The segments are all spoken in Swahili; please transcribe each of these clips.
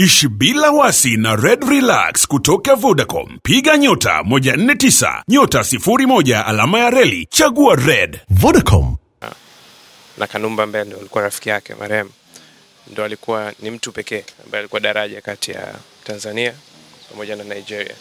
Ishi bila wasi na Red Relax kutoka Vodacom. Piga nyota 149 nyota 01 alama ya reli chagua Red. Vodacom. Na Kanumba ambaye ndo alikuwa rafiki yake marehemu, ndo alikuwa ni mtu pekee ambaye alikuwa daraja kati ya Tanzania pamoja na Nigeria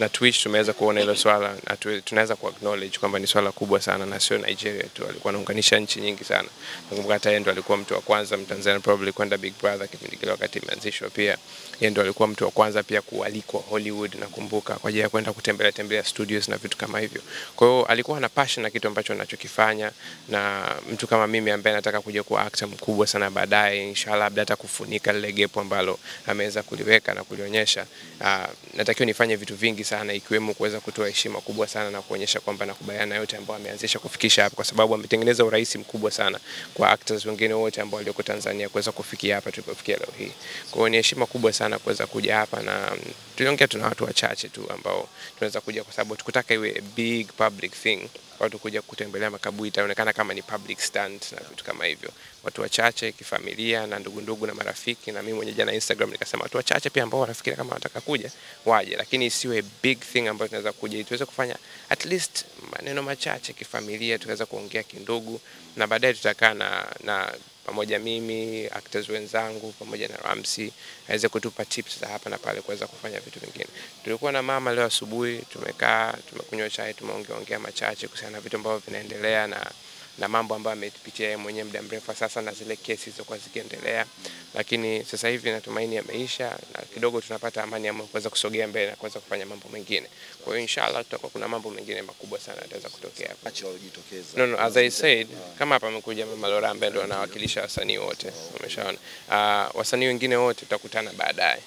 na Twitch tumeweza kuona hilo swala na tunaweza ku acknowledge kwamba ni swala kubwa sana, na sio Nigeria tu, alikuwa anaunganisha nchi nyingi sana. Nakumbuka hata yeye ndo alikuwa mtu wa kwanza Mtanzania probably kwenda Big Brother kipindi kile wakati imeanzishwa. Pia yeye ndo alikuwa mtu wa kwanza pia kualikwa Hollywood, nakumbuka kwa ajili ya kwenda kutembelea tembelea studios na vitu kama hivyo. Kwa hiyo alikuwa na passion na kitu ambacho anachokifanya, na mtu kama mimi ambaye nataka kuja kuwa actor mkubwa sana baadaye, inshallah labda hata kufunika lile gap ambalo ameweza kuliweka na kulionyesha, uh, natakiwa nifanye vitu vingi sana, ikiwemo kuweza kutoa heshima kubwa sana na kuonyesha kwamba nakubaliana yote ambayo ameanzisha kufikisha hapa, kwa sababu ametengeneza urahisi mkubwa sana kwa actors wengine wote ambao walioko Tanzania kuweza kufikia hapa tulipofikia leo hii. Kwa hiyo ni heshima kubwa sana kuweza kuja hapa, na mm, tuliongea tuna watu wachache tu ambao tunaweza kuja, kwa sababu tukutaka iwe big public thing watu kuja kutembelea makaburi, itaonekana kama ni public stand na vitu kama hivyo. Watu wachache kifamilia na ndugu ndugu na marafiki, na mimi mwenye jana Instagram nikasema watu wachache pia ambao wanafikiria kama wanataka kuja waje, lakini isiwe big thing ambayo tunaweza kuja, tuweze kufanya at least maneno machache kifamilia, tukaweza kuongea kindugu, na baadaye tutakaa na, na pamoja mimi actors wenzangu pamoja na Ramsi aweze kutupa tips za hapa na pale kuweza kufanya vitu vingine. Tulikuwa na mama leo asubuhi, tumekaa tumekunywa chai, tumeongeaongea machache kuhusiana na vitu ambavyo vinaendelea na na mambo ambayo amepitia yeye mwenyewe muda mrefu sasa, na zile kesi zilizokuwa zikiendelea, lakini sasa hivi natumaini yameisha na kidogo tunapata amani ya kuweza kusogea mbele na kuweza kufanya mambo mengine. Kwa hiyo inshallah tutakuwa kuna mambo mengine makubwa sana yataweza kutokea. No, no, as I said, kama hapa amekuja Mama Lora ambaye ndo anawakilisha wasanii wote, umeshaona. Uh, wasanii wengine wote tutakutana baadaye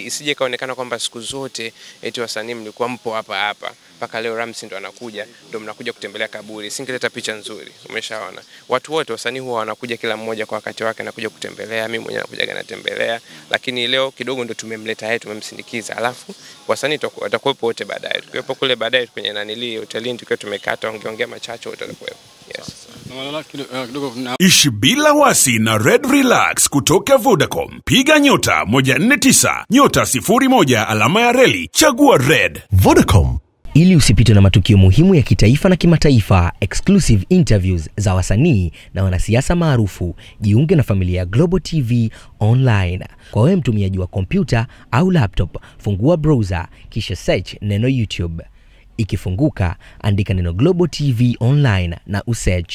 isije kaonekana kwamba siku zote eti wasanii mlikuwa mpo hapa hapa mpaka leo Ramsi ndo anakuja ndo mnakuja kutembelea kaburi, singeleta picha nzuri. Umeshaona watu wote wasanii huwa wanakuja kila mmoja kwa wakati wake, anakuja kutembelea, mimi mwenyewe nakuja natembelea, lakini leo kidogo ndo tumemleta yeye, tumemsindikiza, alafu wasanii watakuwepo wote baadaye, tukiwepo kule baadaye kwenye nanili hotelini, tukiwa tumekata ongeongea machache, wote watakuwepo. Ishi bila wasi na Red Relax kutoka Vodacom. Piga nyota 149 nyota 01 alama ya reli chagua Red. Vodacom. Ili usipitwe na matukio muhimu ya kitaifa na kimataifa, exclusive interviews za wasanii na wanasiasa maarufu, jiunge na familia ya Global TV Online. Kwa wewe mtumiaji wa kompyuta au laptop, fungua browser kisha search neno YouTube. Ikifunguka, andika neno Global TV Online na usearch.